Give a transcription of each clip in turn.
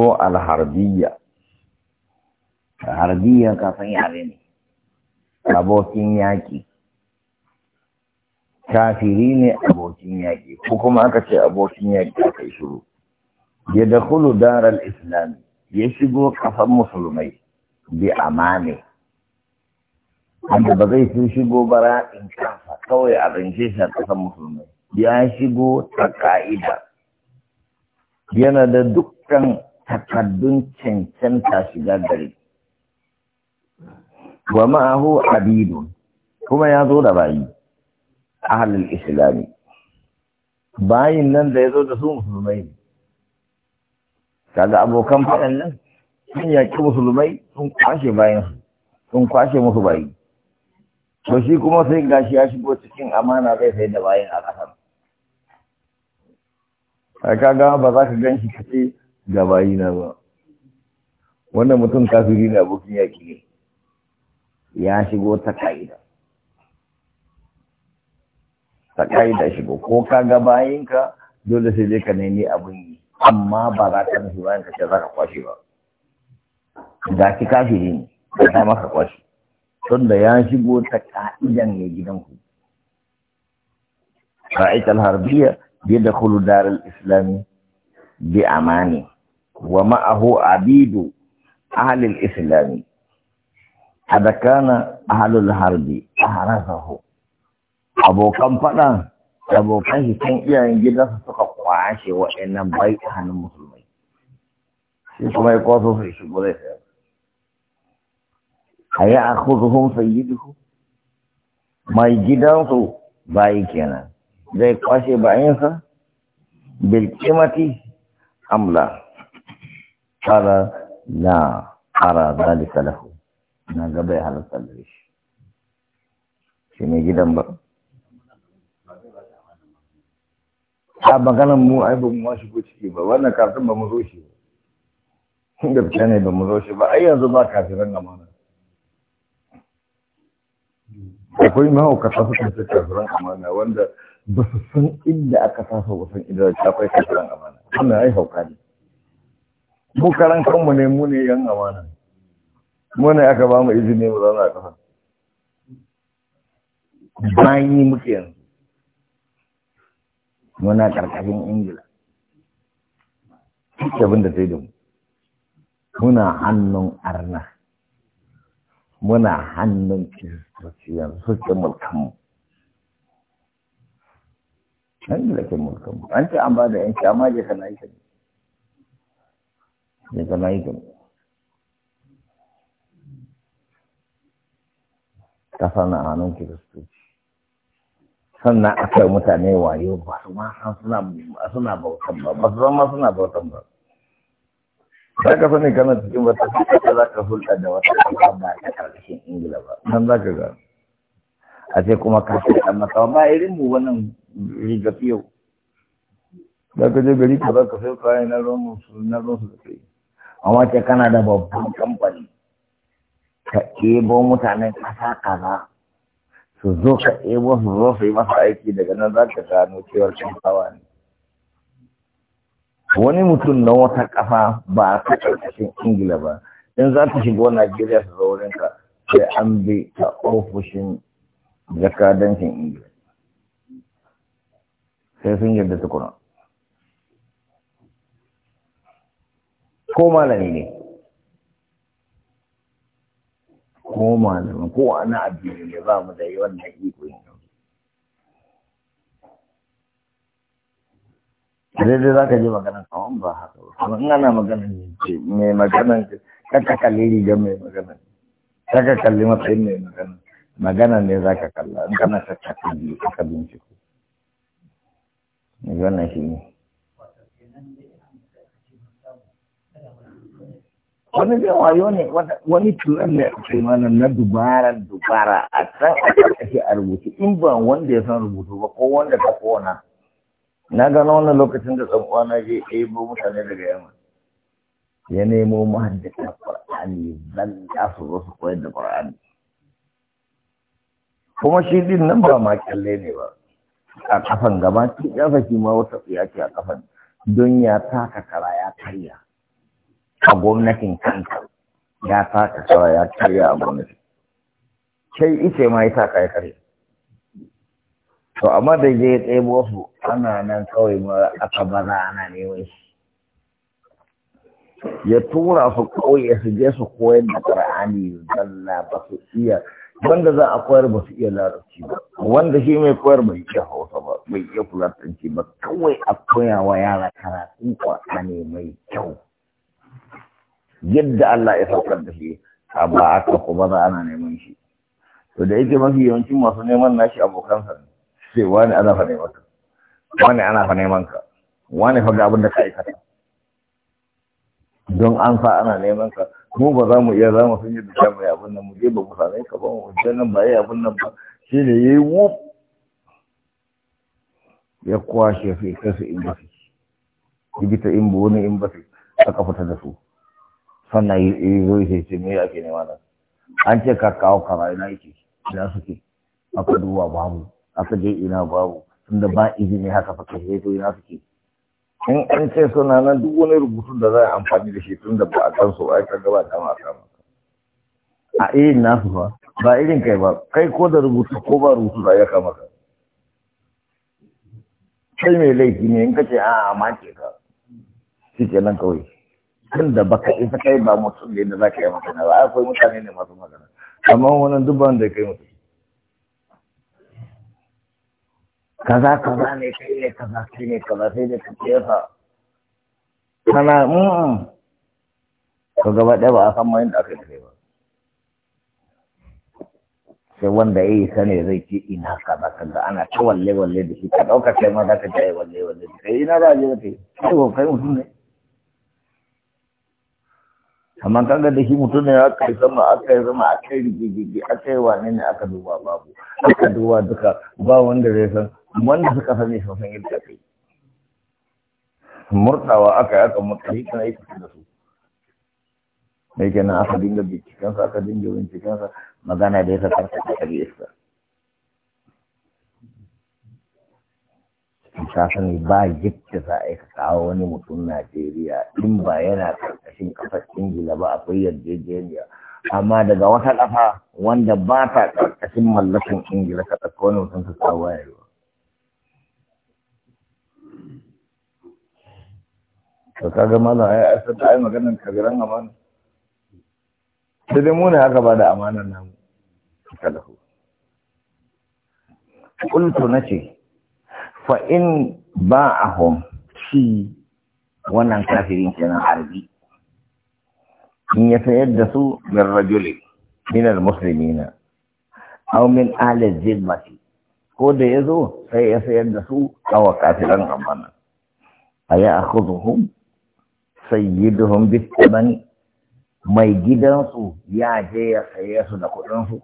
ko alharbiya harbiya kafin yare ne abokin yaƙi kafiri ne abokin yaƙi ko kuma aka ce abokin yaƙi aka yi shuru ya da kulu darar Islam ya shigo kafan musulmai bi amane wanda ba zai fi shigo ba ra'in kansa kawai a rance shi a ƙasar musulmai ya shigo ta ka'ida yana da dukkan takaddun cancanta shiga gari wa ma'ahu abidun kuma ya zo da bayi ahalul islami bayin nan da ya zo da su musulmai kaga abokan faɗan nan sun yaƙi musulmai sun kwashe bayan sun kwashe musu bayi to shi kuma sai gashi ya shigo cikin amana zai sai da bayan a ƙasar kaga ba za ka gan shi ka ce ga na ba wannan mutum kafiri ne abokin yaƙi ne ya shigo ta ka'ida ta ka'ida shigo ko ka ga bayinka dole sai dai ka nemi abin yi amma ba za ka nufi bayan ka ce za ka kwashe ba za ki kafiri ne ba ta maka kwashe da ya shigo ta ka'idan ne gidanku ka'idar harbiya da kulu darar islamiyya بأمانه ومعه عبيد أهل الإسلام هذا كان أهل الحرب أحرزه أبو كم فلا أبو كان كان إياه جدا ستقوى عاشي وإن بيت أهل المسلمين كما يقول في شبولة هيأخذهم سيده mai gidansu bayi kenan zai kwashe bayansa bilkimati amla kala na ara zalika lahu na gaba ya halatta da shi shi ne gidan ba a maganan mu ai ba mu ma shigo ciki ba wannan kafin ba mu zo shi ba gaskiya ne ba mu zo shi ba ai yanzu ba kafiran amana akwai mahaukata suka kafin kafiran amana wanda ba su san inda aka sasa ba san inda akwai kasaran amana amma ai hauka ne mu karan kanmu ne mu ne yan amana mu ne aka ba mu izini mu zauna a kasa bayi muke yanzu muna karkashin ingila duk abin da zai yi da mu muna hannun arna muna hannun kiristoci yanzu suke mulkanmu nan da ke mulkan mu an ce an ba da yanki amma je kana yi kan je kana yi kan ta sana hannun kiristoci sannan aka mutane wayo ba su ma san suna bautan ba ba su zama suna bautan ba za ka sani kana cikin wata cikin za ka hulɗa da wata ba ta ƙarƙashin ingila ba nan za ka gano a sai kuma ka da dan ba irin mu wannan riga fiyo da ka je gari ka za sai kayan na ruwan su na ruwan su da kai amma ce kana da babban kamfani ka ɗebo mutanen kasa kaza su zo ka ɗebo su zo su yi masa aiki daga nan za ka gano cewar kamfawa ne wani mutum na wata kafa ba a ta ƙarƙashin ingila ba in za ta shigo najeriya su zo sai an bi ta ofishin jakadancin ingila sai sun yarda tukuna ko malami ne ko malami, ko wani addini ne ba mu da yi wannan iko yin daidai za ka ji maganan kawan ba haka ba kuma in ana maganan ce mai maganan kaka kalli rigar mai maganan kaka kalli matsayin mai maganan magana ne za ka kalla in kana tafi biyu ka binciko wannan shi ne wani zai wayo ne wani turan ne a mana na dubara dubara a can a ƙarƙashi a rubutu in ba wanda ya san rubutu ba ko wanda ta kona na gano wannan lokacin da tsan uwana je ba mutane daga yamma ya nemo mahaddata ƙur'ani zan su zo su koyar da ƙwar'ani kuma shi din nan ba ma kyalle ne ba a kafan gaba ce ya saki ma wata tsiya ce a kafan don ya taka kara ya karya a gwamnatin kanka ya taka kara ya karya a gwamnati sai ice ma ya taka ya karya to amma da je ya tsebo su ana nan kawai ma aka baza ana neman shi ya tura su kauye su je su koyar da ƙar'ani zalla ba su iya wanda za a koyar ba su iya larabci ba wanda shi mai koyar bai iya hausa ba bai iya fulatanci ba kawai a koya wa yara karatun ne mai kyau yadda Allah ya saukar da shi a ba aka kuma za ana neman shi to da yake mafi yawancin masu neman nashi abokansa ne sai wani ana fa neman ka wani ana fa neman ka wani fa ga abin da ka aikata don an sa ana neman ka mu ba za mu iya za mu sun yi da mai abin nan mu je ba mu same ka ba mu wajen nan ba yi abin nan ba shi ne ya yi wuf ya kwashe su ya kai su in basi digita in ba wani in basi aka fita da su sannan yi zo ya ce me ake nema nan an ce ka kawo kara ina yake ina suke aka duwa babu aka je ina babu tunda ba izini haka fa kai to ina suke in an ce suna nan duk wani rubutun da za a amfani da shi tun da ba a kan su ai kaga ba dama ka ba a irin nasu ba ba irin kai ba kai ko da rubutu ko ba rubutu da ya kama ka kai mai laifi ne in ce a amma ke ka shi ke nan kawai tun da baka isa kai ba mutum ne da za ka yi magana ba akwai mutane ne masu magana amma wannan duk ban da kai mutum kaza kaza ne kai ne kaza kai ne kaza sai da ka jefa kana mm ko gaba da ba a san mai da aka kai ba sai wanda yayi sane zai ki ina kaza kaza ana ta walle walle da shi ka ɗauka kai ma da ka ta walle walle da kai ina da a je kai sai ko kai mutum ne amma kaga da shi mutum ne aka yi sama aka yi sama aka yi rigigigi aka yi wane ne aka duba babu aka duba duka ba wanda zai san wanda suka sani sun san yadda kai murtawa aka yi aka murta shi kana yi da su mai kenan aka dinga bincikensa aka dinga bincikensa magana da ya sakar ta ɗabi'arsa ta sani ba yadda za a yi kawo wani mutum Najeriya in ba yana karkashin ƙasar Ingila ba akwai yarjejeniya amma daga wata kafa wanda ba ta karkashin mallakin Ingila ka ɗauka wani mutum ka kawo ya to kaga malam ai asar da ai maganar kabiran amana sai dai mu ne aka ba da amanar namu kalahu qultu nace fa in ba'ahum shi wannan kafirin kenan harbi in ya sayar da su min rajuli min almuslimina aw min ahli zimmati ko da yazo sai ya sayar da su kawa kafiran amana aya akhuduhum sayyiduhum bitamani mai gidansu ya je ya saye su da kuɗinsu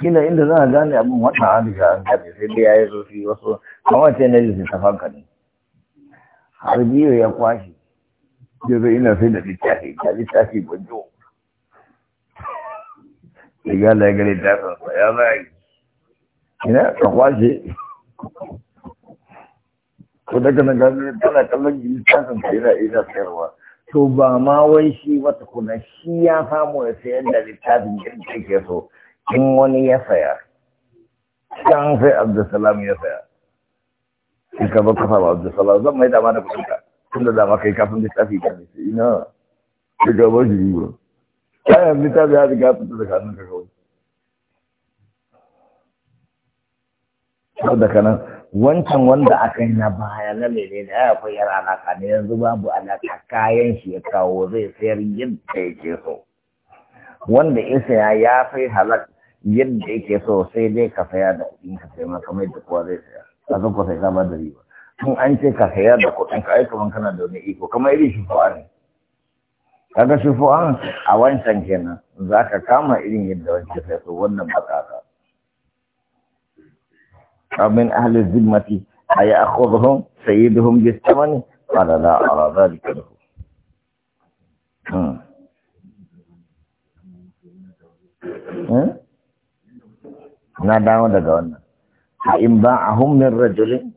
Kina inda za gane abin wannan adisha an gane sai dai ya yi sosai wasu kamar ce na jisun tafanka ne har biyu ya kwashe yanzu ina sai da littafi ga littafi gwajo ya gala ya gani tafansa ya zai ina ka kwashe daga na gano tana kallon littafin ka yana ina sayarwa to ba ma wai shi wata kuna shi ya samu ya sayar da littafin yadda yake so in wani ya saya can sai abdulsalam ya saya shi ka ba kafa ba abdulsalam zan mai dama da kuɗin ka tun da dama kai kafin littafi ka ne sai ina ka gaba shi yi ba kayan littafi ya riga fita daga hannun ka kawai. Sau da kanan wancan wanda aka yi na baya na mene ne ya fi yar alaka ne yanzu babu alaka kayan shi ya kawo zai sayar yadda ya ke so wanda ya saya ya fi halak yadda ya ke so sai dai ka saya da kuɗin ka sai maka mai da kowa zai saya a zan ka sai ka ba da riba tun an ce ka saya da kuɗin ka ai kaman kana da wani iko kamar irin shufu'a ne kaga shufu'a a wancan kenan za ka kama irin yadda wancan sai so wannan ba من أهل الذمة أيأخذهم سيدهم بالثمن قال لا أرى ذلك له فإن باعهم من رجل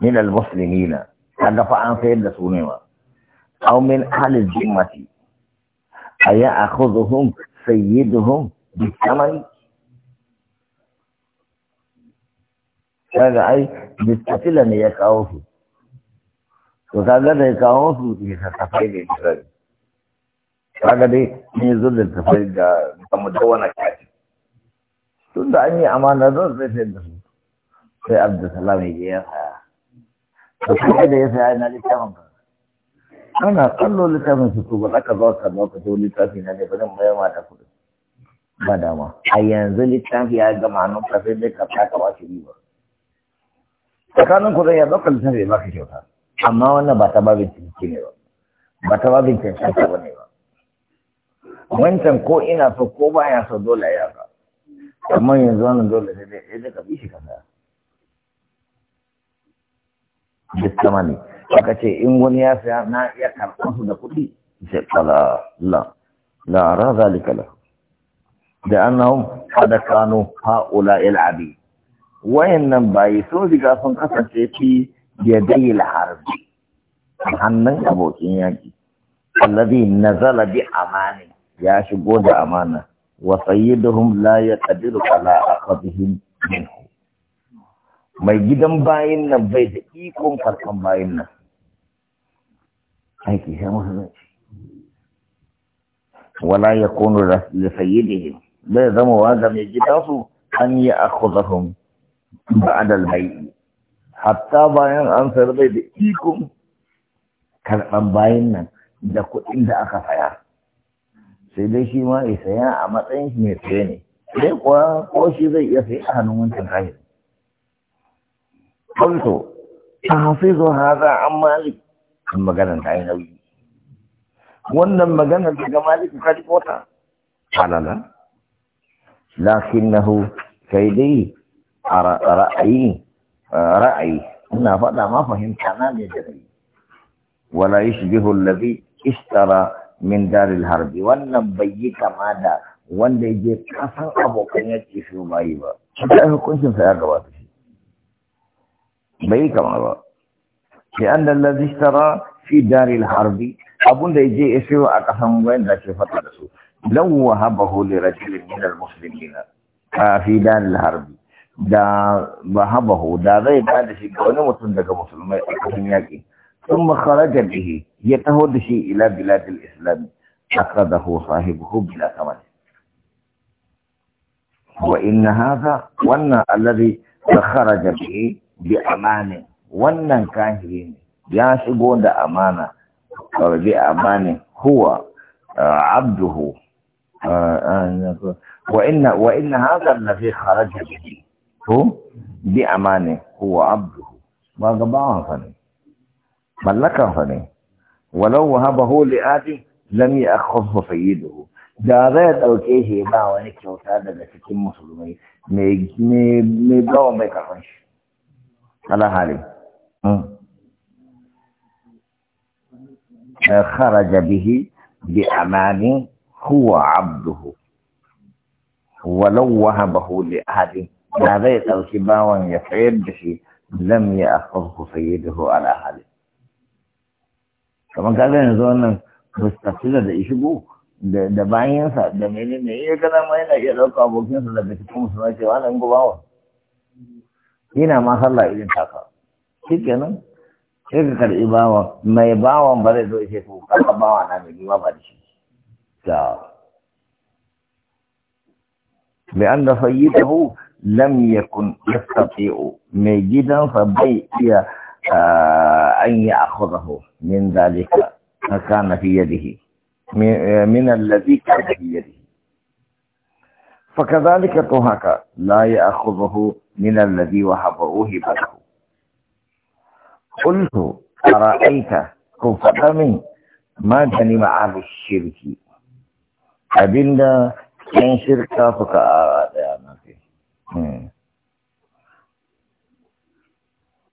من المسلمين تدفع عن سيد سونيما أو من أهل الذمة أيأخذهم سيدهم بالثمن kaga ai mustafila ne ya kawo su to kaga da ya kawo su ne tafai da tsari kaga dai ne zo da tafai da kamar da wani kaji tun da an yi amana zan zai sai da su sai abdulsalam ya saya to kuma da ya saya na littafin ba, ana kallo littafin su to ba za ka zo ka zo ka zo littafi na ne ba zan mayar ma da kuɗi ba dama a yanzu littafi ya gama hannun kafin sai dai ka taka ba shi riba tsakanin ku zai yi ɗaukar littafi zai baka kyauta amma wannan ba ta babin ciniki ne ba ba ta babin cancanta ba ne ba wancan ko ina so ko baya so dole ya ba amma yanzu wannan dole sai dai da ka bi shi kasa duk sama ne aka ce in wani ya saya na iya karɓar su da kuɗi sai kala la la ra zalika la da annahum qad kanu haula al-abid Wayan nan bayi sun riga sun kasance fi da yadayil harbi hannun abokin yaki allazi nazala bi amani ya shigo da amana wa sayyiduhum la yaqdiru ala aqdihim minhu mai gidan bayin nan bai da ikon farkon bayin nan aiki sai musulunci wala yakunu li sayyidihim bai zama wa ga mai gidansu an yi akhudahum ba'ad al-bai'i hatta bayan an sayar da ikon karɓan bayan nan da kuɗin da aka saya sai dai shi ma ya saya a matsayin shi mai saye ne sai kuwa ko shi zai iya sai a hannun wancan kayan kwanto ta hafizu haza an mali. kan maganar ta yi nauyi wannan maganar daga malik ka ji kota halala lakinnahu sai dai a ra'ayi ra'ayi ina faɗa ma fahimta na ne da rai wala yushbihu allazi ishtara min daril harbi wannan bai yi kama da wanda ya je kasan abokan ya ce su bayi ba shi ta hukuncin sa ya gabata shi bai yi kama ba sai an da allazi ishtara fi daril harbi abun da ya je ya sayo a kasan wanda ke faɗa da su law wahabahu li rajulin min al-muslimin fi daril harbi da ba habahu da zai ba da shi ga wani mutum daga musulmai a kasan yaƙi sun makarajar bihi ya taho da shi ila biladil islami aka da ho sahibu bila kamar wa inna haza wannan allazi da kharaja bihi bi amani wannan kahiri ne ya shigo da amana bi amani huwa abduhu وإن وإن هذا الذي خرج به هو بأمانه هو عبده ما وقبعه فني ملكه فني ولو وهبه لآدم لم يأخذه سيده دا غير او كيه يبا وانك يو سادة لسكين مسلمي ميبلا وميك عمش على حالي خرج به بأمانه هو عبده ولو وهبه لآدم da zai ɗauki bawan ya tsayar da shi lam sayi da ho ala hali kamar kaga yanzu wannan mustaqila da ishigo da bayansa da ne ya gana ma yana iya ɗauka abokinsa daga cikin musulmai wa nan wa. yana ma sallah irin taka shikenan sai ka karɓi bawan mai bawan ba zai zo ya ce to karɓa bawa na mai ba da shi ta لأن سيده لم يكن يستطيع مجدا فبي آه، أن يأخذه من ذلك كان في يده من آه، الذي كان في يده فكذلك طهك لا يأخذه من الذي وهبه هبته قلت أرأيت كفر من ما جنم على الشرك أبنا yan shirka fuka a ɗaya na fi